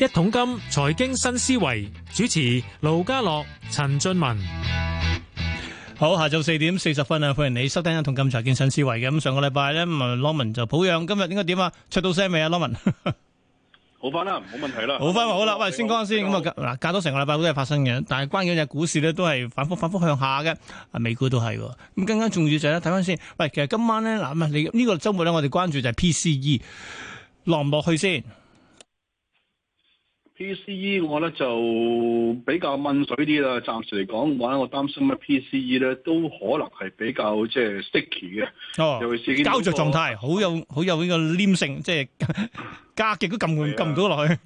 一桶金財經新思維，主持盧家樂、陳俊文，好，下晝四點四十分啊，歡迎你收聽一桶金財經新思維嘅咁。上個禮拜呢咁啊 Lawman 就抱養，今日應該點啊？出到聲未啊，Lawman？好翻啦，冇問題啦，好翻好啦。喂，先講先咁啊，嗱，隔多成個禮拜都係發生嘅，但係關鍵嘅股市呢，都係反復反復向下嘅，啊，美股都係。咁更加重要就係睇翻先，喂，其實今晚呢，嗱，咁啊，呢個周末呢，我哋關注就係 PCE。落唔落去先？P C E 我咧就比較掹水啲啦，暫時嚟講，我擔心嘅 P C E 咧都可能係比較即係 sticky 嘅，又會 s t 膠着狀態，好有好有呢個黏性，即係加極都撳撳唔到落去。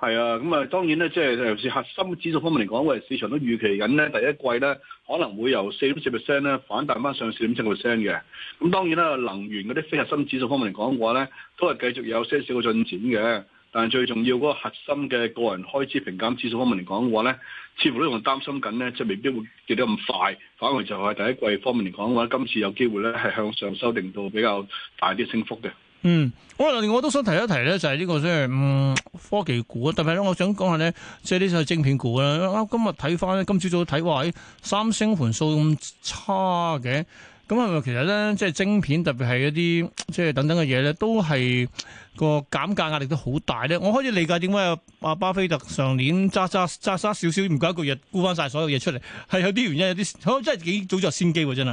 係啊，咁、嗯、啊，當然咧，即係由是尤核心指數方面嚟講，我哋市場都預期緊咧，第一季咧可能會由四點四 percent 咧反彈翻上四點七 percent 嘅。咁、嗯、當然啦，能源嗰啲非核心指數方面嚟講嘅話咧，都係繼續有些少嘅進展嘅。但係最重要嗰個核心嘅個人開支平減指數方面嚟講嘅話咧，似乎都仲擔心緊咧，即係未必會跌得咁快。反為就係第一季方面嚟講嘅話，今次有機會咧係向上修訂到比較大啲升幅嘅。嗯，我我都想提一提咧、這個，就係呢個即係嗯科技股，特別咧，我想講下呢，即係呢啲晶片股啦。啊，今日睇翻今朝早睇話，三星盤數咁差嘅，咁啊，其實咧，即、就、係、是、晶片，特別係一啲即係等等嘅嘢咧，都係個減價壓力都好大咧。我可以理解點解阿巴菲特上年揸揸揸揸少少，唔夠一個月沽翻晒所有嘢出嚟，係有啲原因，有啲好真係幾早就先機，真係。真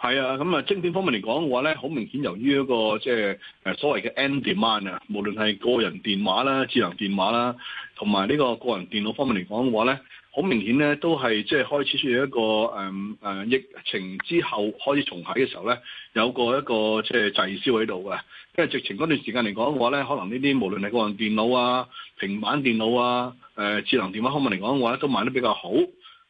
係啊，咁、嗯、啊，精品方面嚟講嘅話咧，好明顯由於一個即係誒所謂嘅 end demand 啊，無論係個人電話啦、智能電話啦，同埋呢個個人電腦方面嚟講嘅話咧，好明顯咧都係即係開始出現一個誒誒、嗯呃、疫情之後開始重啟嘅時候咧，有過一個即係滯銷喺度嘅，即、即係、為直情嗰段時間嚟講嘅話咧，可能呢啲無論係個人電腦啊、平板電腦啊、誒、呃、智能電話方面嚟講嘅話呢，都賣得比較好。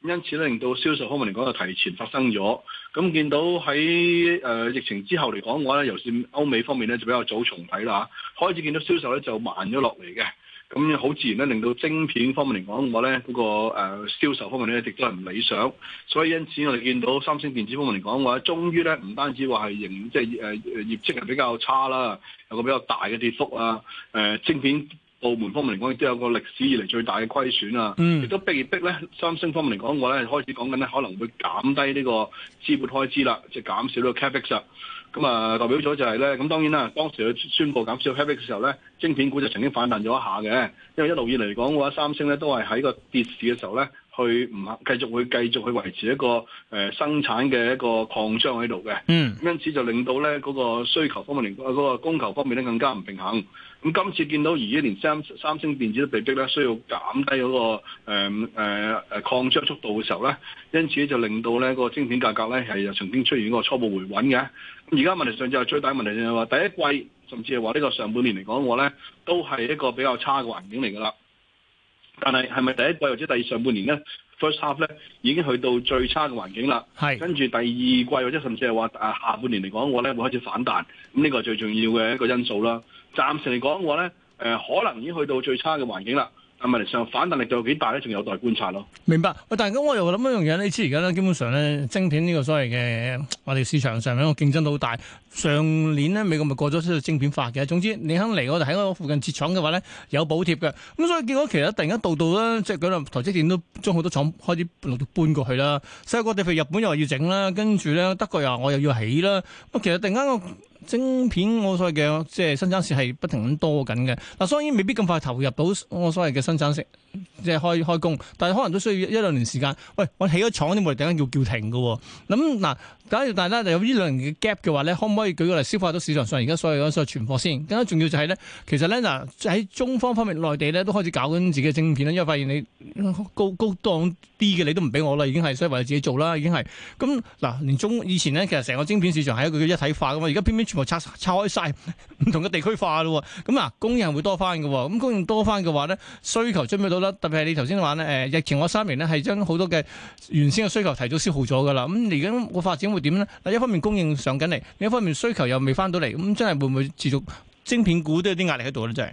因此咧，令到銷售方面嚟講，就提前發生咗。咁見到喺誒、呃、疫情之後嚟講嘅話咧，尤其歐美方面咧就比較早重啟啦，開始見到銷售咧就慢咗落嚟嘅。咁好自然咧，令到晶片方面嚟講嘅話咧，嗰、那個誒、呃、銷售方面咧亦都係唔理想。所以因此，我哋見到三星電子方面嚟講嘅話，終於咧唔單止話係營即係誒業績係比較差啦，有個比較大嘅跌幅啊，誒、呃、晶片。部門方面嚟講，亦都有個歷史以嚟最大嘅虧損啊！亦、mm. 都被逼咧，三星方面嚟講，我咧開始講緊咧可能會減低呢個資本開支啦，即係減少呢個 capex。咁、嗯、啊、呃，代表咗就係咧，咁當然啦，當時佢宣佈減少 capex 嘅時候咧，晶片股就曾經反彈咗一下嘅，因為一路以嚟嚟講嘅話，三星咧都係喺個跌市嘅時候咧。去唔繼續去繼續去維持一個誒、呃、生產嘅一個擴張喺度嘅，嗯，因此就令到咧嗰個需求方面連嗰個供求方面咧更加唔平衡。咁今次見到而家連三三星電子都被逼咧需要減低嗰個誒誒誒擴張速度嘅時候咧，因此就令到咧個晶片價格咧係又曾經出現嗰個初步回穩嘅。而家問題上就係最大問題就係話第一季甚至係話呢個上半年嚟講，我咧都係一個比較差嘅環境嚟㗎啦。但係係咪第一季或者第二上半年咧？First half 咧已經去到最差嘅環境啦。係是跟住第二季或者甚至係話啊下半年嚟講，我咧會開始反彈。咁呢個係最重要嘅一個因素啦。暫時嚟講，我咧誒可能已經去到最差嘅環境啦。係咪上反彈力度有幾大咧？仲有待觀察咯。明白喂，但係咁我又諗一樣嘢，你知而家咧，基本上咧，晶片呢個所謂嘅我哋市場上面個競爭都好大。上年咧，美國咪過咗出個晶片法嘅。總之，你肯嚟我哋喺我，我附近設廠嘅話咧，有補貼嘅。咁所以結果其實突然間度度咧，即係嗰度台積電都將好多廠開始陸續搬過去啦。西哥地譬如日本又話要整啦，跟住咧德國又話我又要起啦。咁其實突然間晶片我所謂嘅即係生產線係不停咁多緊嘅。嗱當然未必咁快投入到我所謂嘅生產線，即係開開工，但係可能都需要一,一兩年時間。喂，我起咗廠都冇，突然間要叫停嘅，咁、嗯、嗱。假如大家有兩的的呢兩年嘅 gap 嘅話咧，可唔可以舉個例消化到市場上而家所有嘅所有存貨先？更加重要就係咧，其實咧嗱，喺中方方面內地咧都開始搞緊自己嘅晶片啦，因為發現你高高,高檔啲嘅你都唔俾我啦，已經係所以唯有自己做啦，已經係咁嗱。連中以前咧，其實成個晶片市場係一個叫一體化嘅嘛，而家偏偏全部拆拆開晒，唔 同嘅地區化啦。咁、嗯、啊，工人會多返嘅，咁、嗯、工人多返嘅話咧，需求追唔到啦。特別係你頭先話咧，誒、呃、疫情三年咧係將好多嘅原先嘅需求提早消耗咗嘅啦。咁而家個發展會，點咧？嗱，一方面供應上緊嚟，另一方面需求又未翻到嚟，咁真係會唔會持續晶片股都有啲壓力喺度咧？真係。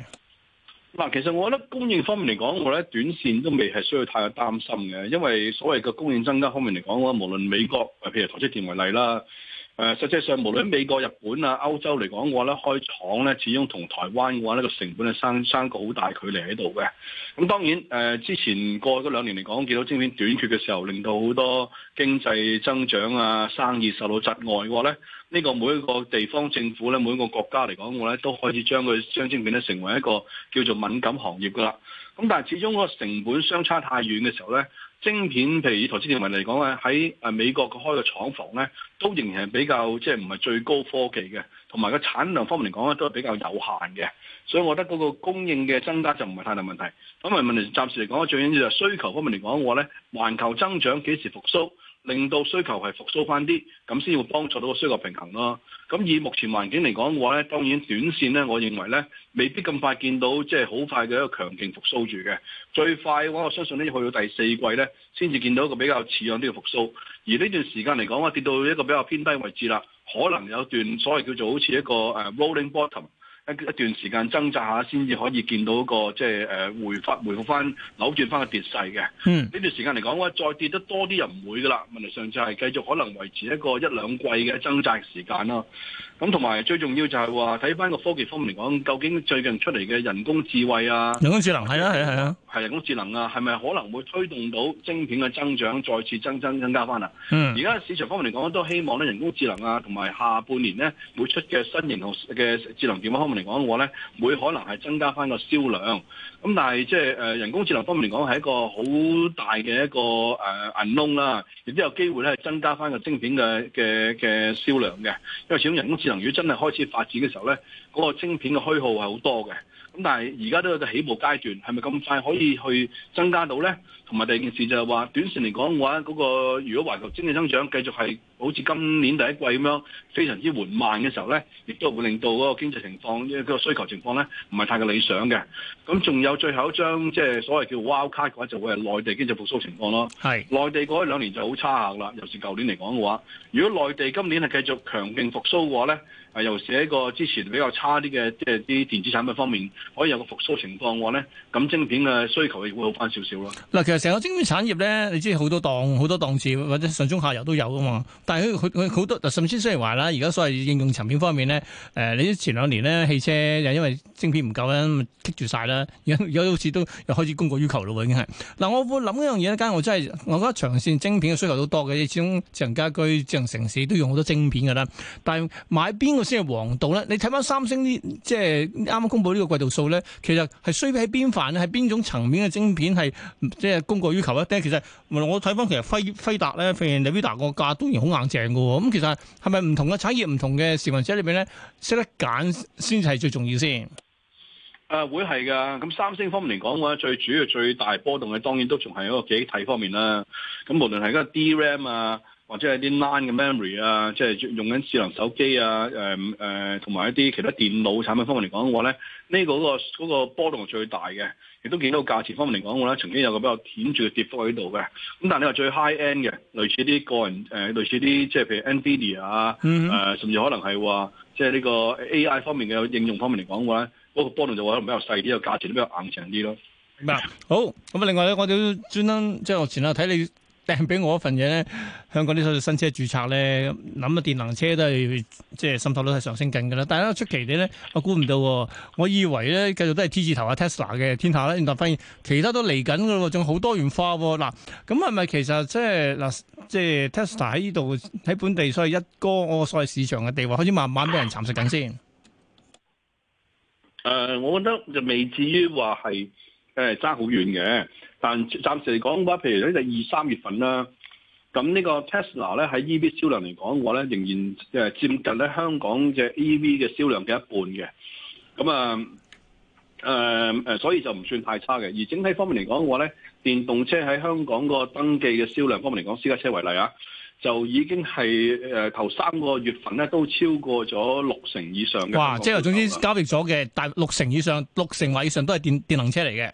嗱，其實我覺得供應方面嚟講，我咧短線都未係需要太過擔心嘅，因為所謂嘅供應增加方面嚟講，我無論美國誒，譬如台積電為例啦。誒，實際上無論美國、日本啊、歐洲嚟講嘅話咧，開廠咧，始終同台灣嘅話呢個成本係相差個好大距離喺度嘅。咁當然誒、呃，之前過去嗰兩年嚟講，見到晶片短缺嘅時候，令到好多經濟增長啊、生意受到窒礙嘅話咧，呢、呢個每一個地方政府咧、每一個國家嚟講嘅話咧，都可以將佢將晶片咧成為一個叫做敏感行業㗎啦。咁但係始終嗰個成本相差太遠嘅時候咧。芯片，譬如以台資企業嚟講咧，喺誒美國開嘅廠房咧，都仍然係比較即係唔係最高科技嘅，同埋個產量方面嚟講咧，都係比較有限嘅，所以我覺得嗰個供應嘅增加就唔係太大問題。咁啊，問題暫時嚟講最緊要就係需求方面嚟講嘅話咧，環球增長幾時復甦？令到需求係復甦翻啲，咁先會幫助到個需求平衡咯。咁以目前環境嚟講嘅話咧，當然短線咧，我認為咧，未必咁快見到即係好快嘅一個強勁復甦住嘅。最快嘅話，我相信呢去到第四季咧，先至見到一個比較似樣啲嘅復甦。而呢段時間嚟講，我跌到一個比較偏低位置啦，可能有段所謂叫做好似一個誒 rolling bottom。一段時間掙扎下先至可以見到個即係誒回發回復翻扭轉翻嘅跌勢嘅。呢段時間嚟講，我再跌得多啲人唔會㗎喇。問題上就係繼續可能維持一個一兩季嘅掙扎時間咯。咁同埋最重要就係話睇翻個科技方面嚟講，究竟最近出嚟嘅人工智慧啊，人工智能，係啊係啊係啊係人工智能啊，係咪可能會推動到晶片嘅增長再次增增增加翻啊？而家市場方面嚟講，都希望咧人工智能啊，同埋下半年咧會出嘅新型號嘅智能電話方面。嚟講嘅話咧會可能係增加翻個銷量，咁但係即係誒人工智能方面嚟講，係一個好大嘅一個誒銀窿啦，亦都有機會咧係增加翻個晶片嘅嘅嘅銷量嘅，因為始終人工智能如果真係開始發展嘅時候咧。嗰個晶片嘅虛耗係好多嘅，咁但係而家都有個起步階段，係咪咁快可以去增加到咧？同埋第二件事就係話，短線嚟講嘅話，嗰、那個如果環球經濟增長繼續係好似今年第一季咁樣非常之緩慢嘅時候咧，亦都會令到嗰個經濟情況、即、那、係個需求情況咧，唔係太過理想嘅。咁仲有最後一張即係、就是、所謂叫 wild card 嘅話，就會係內地經濟復甦情況咯。係是內地嗰一兩年就好差下啦，尤其是舊年嚟講嘅話，如果內地今年係繼續強勁復甦嘅話咧。尤其係一個之前比較差啲嘅，即係啲電子產品方面可以有個復甦情況嘅話咧，咁晶片嘅需求亦會好返少少咯。嗱，其實成個晶片產業咧，你知好多檔好多檔次或者上中下游都有噶嘛。但係佢佢好多，甚至雖然話啦，而家所謂應用層面方面咧，誒、呃，你知前兩年咧，汽車又因為晶片唔夠咧，剔住晒啦，而家而家好似都又開始供過於求咯，已經係嗱、啊。我會諗一樣嘢咧，間我真係我覺得長線晶片嘅需求都多嘅，你始終智能家居、智能城市都用好多晶片㗎啦。但係買邊個？即係黃道咧，你睇翻三星呢，即係啱啱公布呢個季度數咧，其實係衰喺邊範咧，係邊種層面嘅晶片係即係供過於求一啲、嗯，其實無論我睇翻其實輝輝達咧，譬如 Nvidia 個價當然好硬淨嘅喎，咁其實係咪唔同嘅產業唔同嘅時運者裏邊咧，識得揀先係最重要先。誒、呃、會係噶，咁三星方面嚟講咧，最主要最大波動嘅當然都仲係一個記憶體方面啦。咁無論係嗰個 DRAM 啊。或者係啲 line 嘅 memory 啊，即係用用緊智能手機啊，誒、呃、誒，同、呃、埋一啲其他電腦產品方面嚟講嘅話咧，呢、這個嗰、那個嗰、那個波動係最大嘅，亦都見到價錢方面嚟講嘅話咧，曾經有個比較顯著嘅跌幅喺度嘅。咁但係你話最 high end 嘅，類似啲個人誒、呃，類似啲即係譬如 NVIDIA 啊、嗯嗯，誒、呃，甚至可能係話即係呢個 AI 方面嘅應用方面嚟講嘅話咧，嗰、那個波動就可能比較細啲，個價錢都比較硬淨啲咯。嗱，好，咁啊，另外咧，我哋專登即係我前啊，睇你。掟俾我一份嘢咧，香港啲所新車註冊咧，諗乜電能車都係即係滲透率係上升緊嘅啦。但係咧出奇啲咧，我估唔到，我以為咧繼續都係 T 字頭啊 Tesla 嘅天下啦，原來發現其他都嚟緊嘅喎，仲好多元化喎。嗱，咁係咪其實即係嗱，即係 Tesla 喺呢度喺本地所謂一哥，我所謂市場嘅地位開始慢慢俾人蠶食緊先？誒、呃，我覺得就未至於話係誒爭好遠嘅。呃但暫時嚟講嘅話，譬如呢就二三月份啦，咁呢個 Tesla 咧喺 EV 銷量嚟講嘅話咧，仍然誒接近喺香港嘅 EV 嘅銷量嘅一半嘅。咁啊誒誒，所以就唔算太差嘅。而整體方面嚟講嘅話咧，電動車喺香港個登記嘅銷量方面嚟講，私家車為例啊，就已經係誒頭三個月份咧都超過咗六成以上嘅。哇！即係總之交易所嘅大六成以上，六成或以上都係電電能車嚟嘅。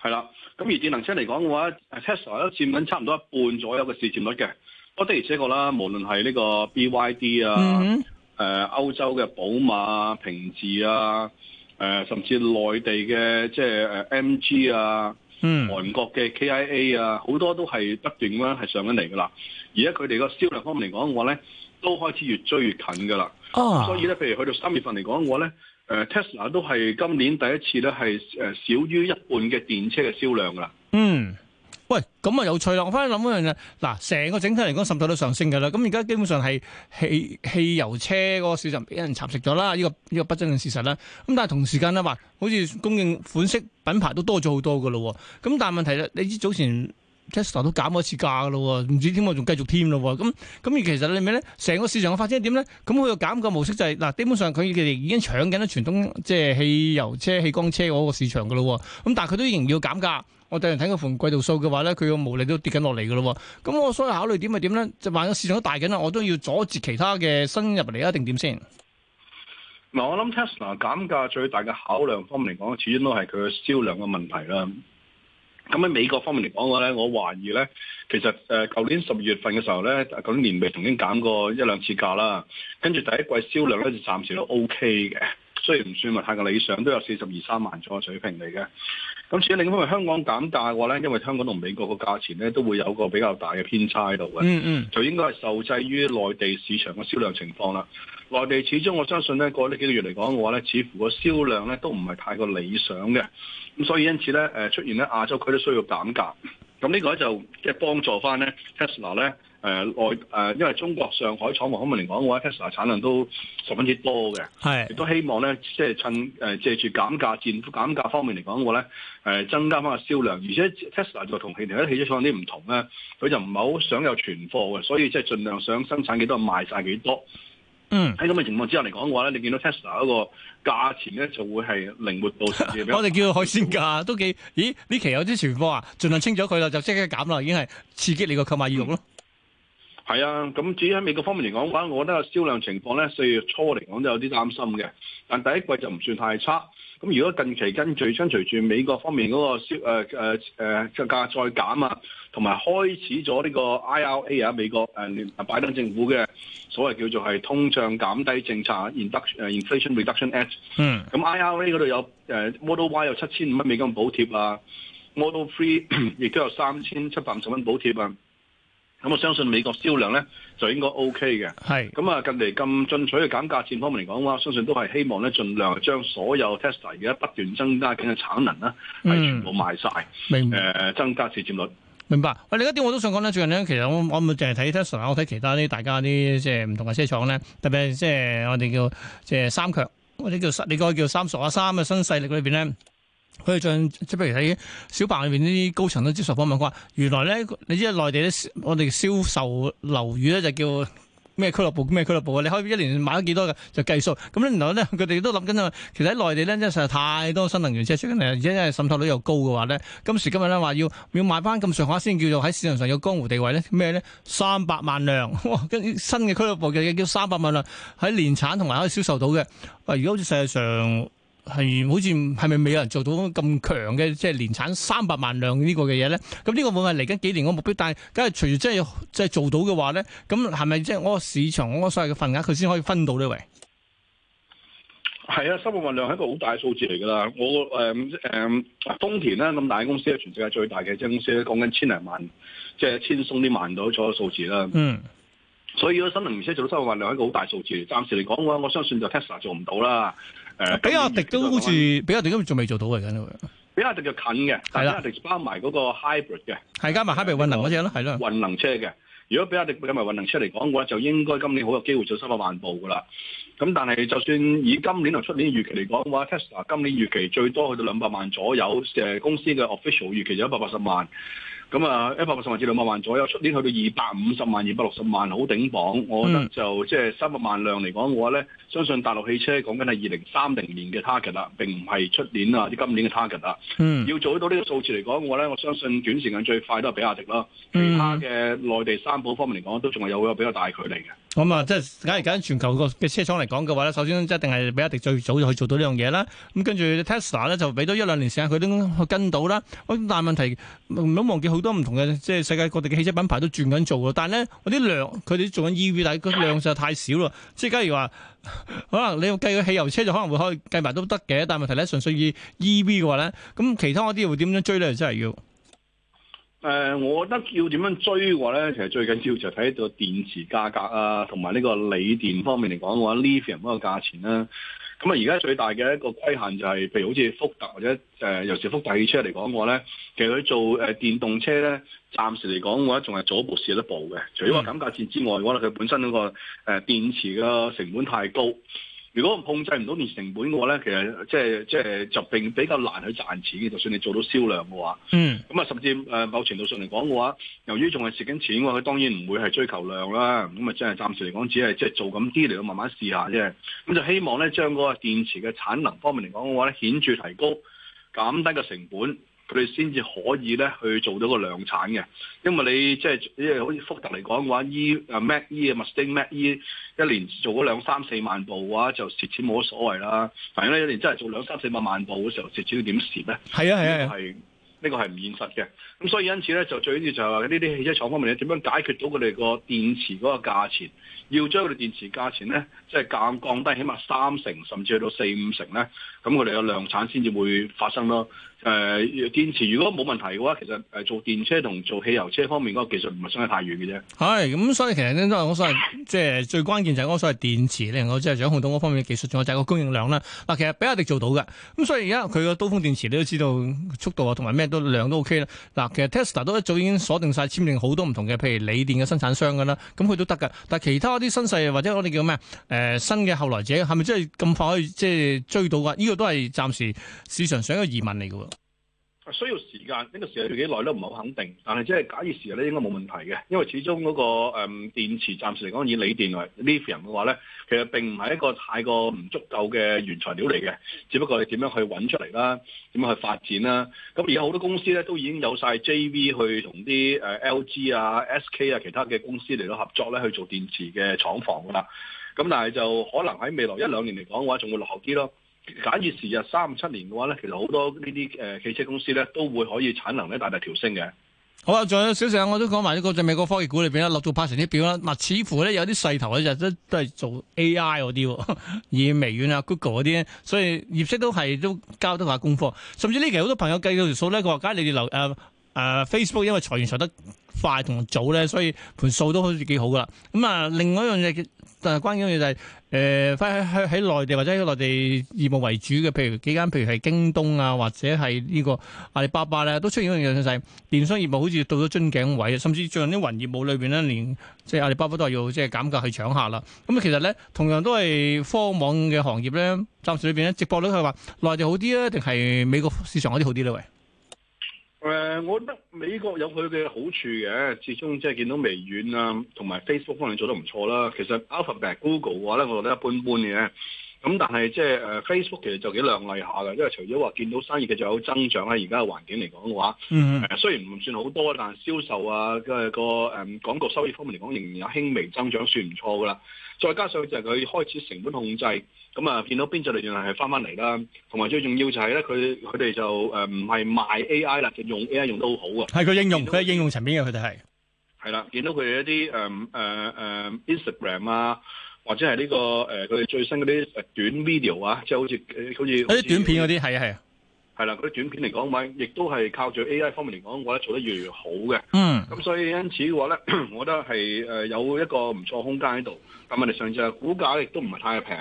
係啦。咁而電能車嚟講嘅話，Tesla 都佔緊差唔多一半左右嘅市佔率嘅。我的而且確啦，無論係呢個 BYD 啊，誒、mm hmm. 呃、歐洲嘅寶馬、平治啊，誒、呃、甚至內地嘅即係誒 MG 啊，mm hmm. 韓國嘅 KIA 啊，好多都係不斷咁樣係上緊嚟噶啦。而家佢哋個銷量方面嚟講嘅話，我咧都開始越追越近噶啦。Oh. 所以咧，譬如去到三月份嚟講嘅話，我咧。誒，Tesla 都係今年第一次咧，係誒少於一半嘅電車嘅銷量啦。嗯，喂，咁啊有趣啦！我返去諗嗰樣嘢，嗱，成個整體嚟講，滲透都上升噶啦。咁而家基本上係汽汽、汽油車嗰個市場俾人蠶食咗啦，呢個呢個不爭嘅事實啦。咁但係同時間啊嘛，好似供應款式品牌都多咗好多噶咯。咁但係問題咧，你知早前？Tesla 都減咗一次價噶咯，唔知點解仲繼續添咯，咁咁而其實你咪咧？成個市場嘅發展係點咧？咁佢個減價模式就係、是、嗱，基本上佢哋已經搶緊啲傳統即係汽油車、氣缸車嗰個市場噶咯。咁、嗯、但係佢都仍然要減價。我最近睇嗰盤季度數嘅話咧，佢個毛利都跌緊落嚟噶咯。咁、嗯、我、嗯、所以考慮點係點咧？就萬一市場都大緊啦，我都要阻截其他嘅新入嚟啊，一定點先？嗱、嗯，我諗 Tesla 減價最大嘅考量方面嚟講，始終都係佢嘅銷量嘅問題啦。咁喺美國方面嚟講嘅話咧，我懷疑咧，其實誒、舊年十二月份嘅時候咧，舊年尾曾經減過一兩次價啦，跟住第一季銷量咧就暫時都 OK 嘅，雖然唔算話太過理想，都有四十二三萬左右嘅水平嚟嘅。咁至於另一方面，香港減價嘅話咧，因為香港同美國個價錢咧都會有個比較大嘅偏差喺度嘅，就應該係受制於內地市場嘅銷量情況啦。內地始終我相信咧，過呢幾個月嚟講嘅話咧，似乎個銷量咧都唔係太過理想嘅，咁所以因此咧，誒、呃、出現咧亞洲區都需要減價，咁呢個咧就即係幫助翻咧 Tesla 咧。誒內誒，因為中國上海廠房方面嚟講，嘅話 Tesla 產量都十分之多嘅，係亦是都希望咧，即係趁誒借住減價戰、減價方面嚟講嘅話咧，誒、呃、增加翻個銷量。而且 Tesla 就同其他汽車廠啲唔同咧，佢就唔係好想有存貨嘅，所以即係盡量想生產幾多賣晒幾多。嗯，喺咁嘅情況之下嚟講嘅話咧，你見到 Tesla 嗰個價錢咧就會係靈活到十 我哋叫佢海鮮價都幾咦？呢期有啲存貨啊，盡量清咗佢啦，就即刻減啦，已經係刺激你個購買意欲咯。嗯。係啊，咁至於喺美國方面嚟講嘅話，我覺得銷量情況咧四月初嚟講都有啲擔心嘅，但第一季就唔算太差。咁如果近期跟隨、跟隨住美國方面嗰個銷誒誒誒價再減啊，同埋開始咗呢個 IRA 啊，美國誒、啊、拜登政府嘅所謂叫做係通脹減低政策，inflation, Inflation Reduction Act。嗯。咁 IRA 嗰度有誒 Model Y 有七千五蚊美金補貼啊，Model Three 亦都有三千七百五十蚊補貼啊。咁我相信美國銷量咧就應該 OK 嘅。係是。咁啊近嚟咁進取嘅減價戰方面嚟講，我相信都係希望咧盡量將所有 Tesla 而家不斷增加緊嘅產能啦，係、嗯、全部賣晒，明白。呃、增加市佔率。明白。喂、啊，另一點我都想講咧，最近咧其實我我唔淨係睇 Tesla，我睇其他啲大家啲即係唔同嘅車廠咧，特別係即係我哋叫即係、就是、三強，或者叫你嗰個叫、叫三傻啊三嘅新勢力裏邊咧。佢哋再即譬如喺小白裏面啲高層都接受訪問，佢話原來咧，你知內地啲我哋銷售流語咧就叫咩俱樂部，咩俱樂部啊？你可以一年買咗幾多嘅就計數。咁咧，然後咧佢哋都諗緊啊。其實喺內地咧，真係實在太多新能源車出緊嚟，而且因為滲透率又高嘅話咧，今時今日咧話要要買翻咁上下先叫做喺市場上有江湖地位咧咩咧？三百萬輛哇，跟新嘅俱樂部嘅嘢叫三百萬輛喺年產同埋可以銷售到嘅。喂，如果好似世界上～係，好似係咪未有人做到咁強嘅，即係年產三百萬輛呢個嘅嘢咧？咁呢個會唔會嚟緊幾年嘅目標？但係，梗係隨住即係即係做到嘅話咧，咁係咪即係我個市場我個所謂嘅份額佢先可以分到呢位係啊，生活運量係一個好大嘅數字嚟噶啦。我誒誒，豐田咧咁大公司係全世界最大嘅即車公司咧，講緊千零萬，即係千鬆啲萬到咗個數字啦。嗯。所以個新能源車做到三百萬輛係一個好大數字。暫時嚟講嘅話，我相信就 Tesla 做唔到啦。誒、呃，比亞迪都好似，比亞迪都仲未做到而嚟緊。比亞迪就近嘅，係啦的，比亞迪包埋嗰個 hybrid 嘅，係加埋 hybrid 混能嗰隻咯，係咯，混、這個、能車嘅。如果比亞迪加埋混能車嚟講嘅話，就應該今年好有機會做到三百萬部噶啦。咁但係就算以今年同出年預期嚟講嘅話，Tesla 今年預期最多去到兩百萬左右，誒公司嘅 official 預期就一百八十萬。咁啊，一百五十萬至兩百萬左右，出年去到二百五十萬、二百六十萬好頂櫳。我覺得就即係三百萬輛嚟講嘅話咧，相信大陸汽車講緊係二零三零年嘅 target 啦，並唔係出年啊，啲今年嘅 target 啦。 要做到呢個數字嚟講嘅話咧，我相信短時間最快都係比亞迪咯。其他嘅內地三寶方面嚟講，都仲係有個比較大距離嘅。咁啊、嗯嗯，即係假如講全球個嘅車廠嚟講嘅話咧，首先一定係比亞迪最早就可以做到呢樣嘢啦。咁跟住 Tesla 咧，就俾多一兩年時間佢都去跟到啦。咁但係問題唔好忘記，好多唔同嘅即係世界各地嘅汽車品牌都轉緊做喎。但係咧，嗰啲、e、量佢哋做緊 EV，但係個量實在太少啦。即係假如話可能你要計個汽油車就可能會計埋都得嘅，但係問題咧純粹以 EV 嘅話咧，咁其他嗰啲會點樣追咧？真係要。誒、呃，我覺得要點樣追嘅話咧，其實最緊要就係睇到電池價格啊，同埋呢個鋰電方面嚟講嘅話 lithium 嗰個價錢啦。咁啊，而、嗯、家最大嘅一個規限就係、是，譬如好似福特或者誒、呃，尤其福特汽車嚟講嘅話咧，其實佢做誒電動車咧，暫時嚟講嘅話仲係做一步少一步嘅。除咗減價戰之外，可能佢本身嗰個誒電池嘅成本太高。如果控制唔到電池成本嘅話咧，其實即係即係就並、是就是、比較難去賺錢嘅。就算你做到銷量嘅話，嗯，咁啊，甚至誒某程度上嚟講嘅話，由於仲係蝕緊錢嘅話，佢當然唔會係追求量啦。咁啊，真係暫時嚟講，只係即係做咁啲嚟到慢慢試下啫。咁就希望咧，將嗰個電池嘅產能方面嚟講嘅話咧，顯著提高，減低個成本。佢哋先至可以咧去做到個量產嘅，因為你即係，因為好似福特嚟講嘅話，E 啊 Mac E 啊 Mustang Mac E 一年做嗰兩三四萬部嘅話，就蝕錢冇乜所謂啦。但係咧，一年真係做兩三四百萬部嘅時候，蝕錢要點蝕咧？係啊係啊，係呢個係唔現實嘅。咁所以因此咧，就最緊要就係話呢啲汽車廠方面咧，點樣解決到佢哋個電池嗰個價錢？要將佢哋電池價錢咧，即係價降低起碼三成，甚至去到四五成咧，咁佢哋嘅量產先至會發生咯。誒、呃，電池如果冇問題嘅話，其實誒做電車同做汽油車方面嗰個技術唔係相差太遠嘅啫。係，咁、嗯、所以其實咧都係我所謂，即係最關鍵就係我所謂電池，你能夠即係掌控到嗰方面嘅技術，仲有就係個供應量啦。嗱，其實比亞迪做到嘅，咁所以而家佢嘅刀鋒電池你都知道速度啊同埋咩都量都 OK 啦。嗱，其實 Tesla 都一早已經鎖定晒簽訂好多唔同嘅，譬如鋰電嘅生產商嘅啦，咁佢都得嘅。但係其他。啲新勢或者我哋叫咩？誒、呃、新嘅後來者係咪真係咁快可以即係追到啊？呢、這個都係暫時市場上一個疑問嚟㗎。需要時間，呢、這個時間要幾耐都唔係好肯定。但係即係假以時日咧，應該冇問題嘅，因為始終嗰、那個誒、嗯、電池暫電，暫時嚟講以鋰電為 l i v i n 嘅話咧，其實並唔係一個太過唔足夠嘅原材料嚟嘅。只不過你點樣去揾出嚟啦，點樣去發展啦？咁而家好多公司咧都已經有晒 JV 去同啲誒 LG 啊、SK 啊其他嘅公司嚟到合作咧去做電池嘅廠房㗎啦。咁但係就可能喺未來一兩年嚟講嘅話，仲會落後啲咯。假如是日三五七年嘅話咧，其實好多呢啲誒汽車公司咧，都會可以產能咧大大調升嘅。好啦，仲有少少時間，我都講埋呢個就美國科技股裏邊啦，落咗拍成啲表啦。嗱，似乎咧有啲勢頭咧，就都都係做 AI 嗰啲，而 微軟啊、Google 嗰啲，所以業績都係都交得下功課。甚至呢期好多朋友計到條數咧，佢話：梗係你哋留誒。誒、uh, Facebook 因為裁員裁得快同早咧，所以盤數都好似幾好噶啦。咁、嗯、啊，另外一樣嘢，但係關鍵嘅嘢就係、是、誒，喺喺喺內地或者喺內地業務為主嘅，譬如幾間，譬如係京東啊，或者係呢個阿里巴巴咧，都出現一樣趨勢，電商業務好似到咗樽頸位啊，甚至最近啲雲業務裏邊咧，連即係、就是、阿里巴巴都係要即係減價去搶客啦。咁、嗯、其實咧，同樣都係科網嘅行業咧，暫時裏邊咧，直播率係話內地好啲啊，定係美國市場嗰啲好啲咧？喂？誒，我覺得美國有佢嘅好處嘅，始終即係見到微軟啊，同埋 Facebook 方面做得唔錯啦。其實 Alphabet、Google 嘅話咧，我覺得一般般嘅。咁、嗯、但係即係誒 Facebook 其實就幾亮麗下嘅，因為除咗話見到生意仲有增長喺而家嘅環境嚟講嘅話，誒、嗯嗯呃、雖然唔算好多，但係銷售啊嘅個誒廣告收益方面嚟講，仍然有輕微增長，算唔錯噶啦。再加上就係佢開始成本控制，咁啊見到邊隻力量係返返嚟啦。同埋最重要就係咧，佢佢哋就誒唔係賣 AI 啦，用 AI 用得好好㗎。係佢應用，佢到應用層面嘅佢哋係係啦，見到佢哋一啲誒誒誒 Instagram 啊。嗯嗯嗯嗯嗯嗯嗯嗯或者係呢、這個誒，佢、呃、最新嗰啲短 video 啊，即係好似好似啲短片嗰啲，係啊係啊，係啦，嗰啲短片嚟講，咪亦都係靠住 A I 方面嚟講，我覺得做得越嚟越好嘅。嗯，咁所以因此嘅話咧，我覺得係誒有一個唔錯空間喺度。咁係問上次係股價亦都唔係太平。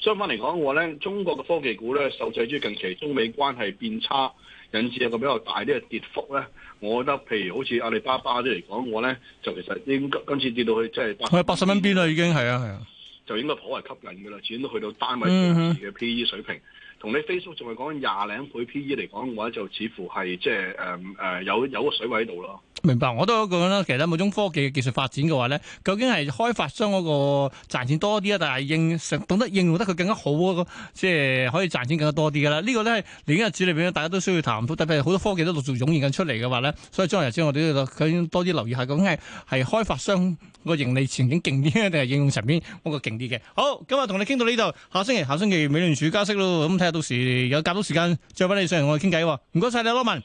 相反嚟講嘅話咧，中國嘅科技股咧受制於近期中美關係變差，引致有一個比較大啲嘅跌幅咧。我覺得譬如好似阿里巴巴啲嚟講，我咧就其實應今次跌到去即係百，八十蚊邊啦，已經係啊係啊。就應該頗為吸引嘅啦，至少都去到單位嘅 P E 水平，同、mm hmm. 你 Facebook 仲係講緊廿零倍 P E 嚟講嘅話，就似乎係即係誒誒有有個水位喺度咯。明白，我都咁樣啦。其實咧，每種科技嘅技術發展嘅話咧，究竟係開發商嗰個賺錢多啲啊？但係應懂得應用得佢更加好啊，即係可以賺錢更加多啲噶啦。這個、呢個咧喺嚟緊日子裏邊，大家都需要探討。特別好多科技都陸續湧現緊出嚟嘅話咧，所以將來日子我哋都要多啲留意下，究竟係係開發商個盈利前景勁啲，定係應用層面嗰個勁啲嘅？好，今日同你傾到呢度，下星期下星期美聯儲加息咯，咁睇下到時有夾到時間再俾你上嚟我哋傾偈。唔該晒你，羅文謝。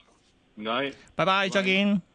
唔該，拜拜，拜拜再見。